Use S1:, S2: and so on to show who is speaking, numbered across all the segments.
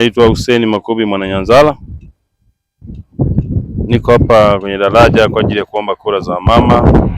S1: Naitwa Hussein Makubi Mwananyanzala, niko hapa kwenye daraja kwa ajili ya kuomba kura za mama.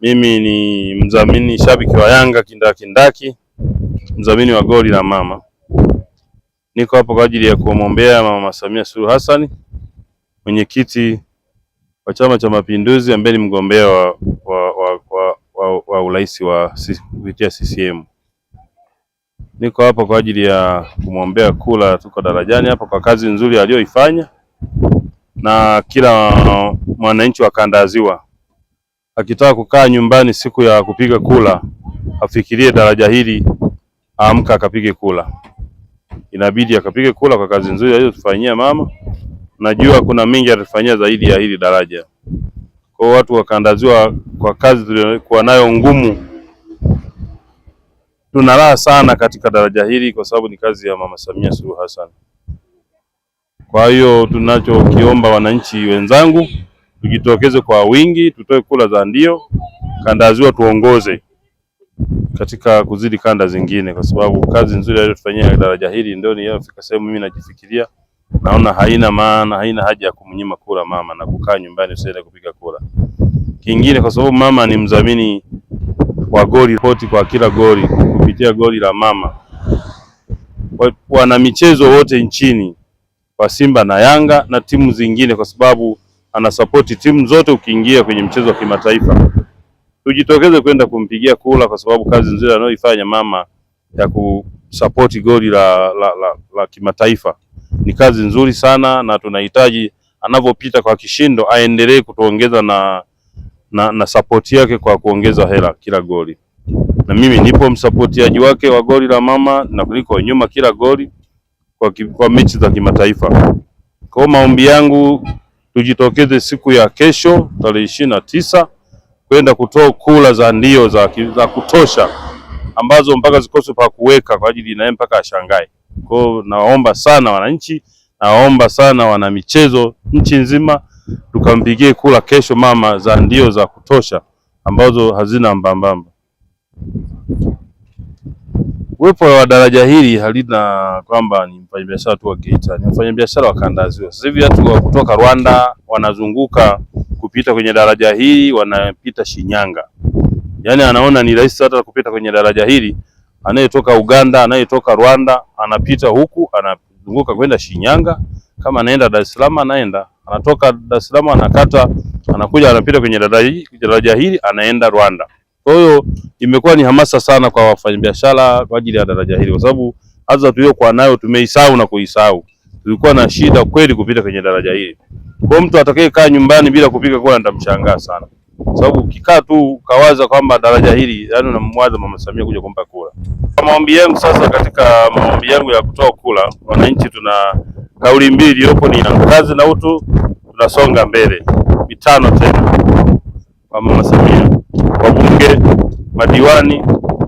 S1: Mimi ni mdhamini shabiki wa Yanga kindakindaki, mdhamini wa goli la mama. Niko hapa kwa ajili ya kumwombea mama Samia Suluhu Hassan, mwenyekiti wa Chama cha Mapinduzi, ambaye ni mgombea wa, wa, wa, wa, wa, wa urais wa kupitia CCM. Niko hapa kwa ajili ya kumwombea kula. Tuko darajani hapa kwa kazi nzuri aliyoifanya, na kila mwananchi wa kanda ya Ziwa akitaka kukaa nyumbani siku ya kupiga kula afikirie daraja hili, aamka akapige kula. Inabidi akapige kula kwa kazi nzuri aliyotufanyia mama. Najua kuna mingi atafanyia zaidi ya hili daraja. Kwa watu wa kanda ya Ziwa, kwa kazi tuliokuwa nayo ngumu Tuna raha sana katika daraja hili kwa sababu ni kazi ya Mama Samia Suluhu Hassan. Kwa hiyo tunachokiomba wananchi wenzangu, tujitokeze kwa wingi, tutoe kura za ndio, kanda ya Ziwa tuongoze katika kuzidi kanda zingine, kwa sababu kazi nzuri aliyotufanyia daraja hili ndio niliyofika sehemu mimi najifikiria, naona haina maana, haina haja ya kumnyima kura mama na kukaa nyumbani usiende kupiga kura. Kingine, kwa sababu mama ni mdhamini wa goli poti kwa kila goli kupitia goli la mama. Wana michezo wote nchini kwa Simba na Yanga na timu zingine, kwa sababu anasapoti timu zote ukiingia kwenye mchezo wa kimataifa. Tujitokeze kwenda kumpigia kula, kwa sababu kazi nzuri anayoifanya mama ya kusapoti goli la, la, la, la kimataifa ni kazi nzuri sana, na tunahitaji anavyopita kwa kishindo aendelee kutuongeza na, na, na sapoti yake kwa kuongeza hela kila goli na mimi nipo msapotiaji wake wa goli la mama na kuliko nyuma kila goli kwa, kwa mechi za kimataifa. Kwa maombi yangu tujitokeze siku ya kesho tarehe ishirini na tisa kwenda kutoa kula za ndio za, za kutosha ambazo mpaka zikose pa kuweka kwa ajili naye mpaka ashangae. Kwa nawaomba sana wananchi, nawaomba sana wana michezo nchi nzima, tukampigie kula kesho mama za ndio za kutosha ambazo hazina mbambamba. Uwepo wa daraja hili halina kwamba ni mfanyabiashara tu wa Geita, ni mfanyabiashara wa kanda Ziwa. Sasa hivi watu wa kutoka Rwanda wanazunguka kupita kwenye daraja hili, wanapita Shinyanga, yaani anaona ni rahisi hata kupita kwenye daraja hili. Anayetoka Uganda, anayetoka Rwanda, anapita huku, anazunguka kwenda Shinyanga. Kama anaenda Dar es Salaam, anaenda anatoka Dar es Salaam, anakata, anakuja, anapita kwenye daraja hili, anaenda Rwanda. Kwa hiyo imekuwa ni hamasa sana kwa wafanyabiashara kwa ajili ya daraja hili, kwa sababu adha tuliyokuwa nayo tumeisahau na kuisahau. Tulikuwa na shida kweli kupita kwenye daraja hili. Kwa mtu atakayekaa nyumbani bila kupiga kura nitamshangaa sana, kwa sababu ukikaa tu kawaza kwamba daraja hili, yaani unamwaza mama Samia kuja kumpa kura. Maombi yangu sasa, katika maombi yangu ya kutoa kura, wananchi tuna kauli mbili iliyopo ni kazi na utu, tunasonga mbele mitano tena kwa mama Samia wabunge, madiwani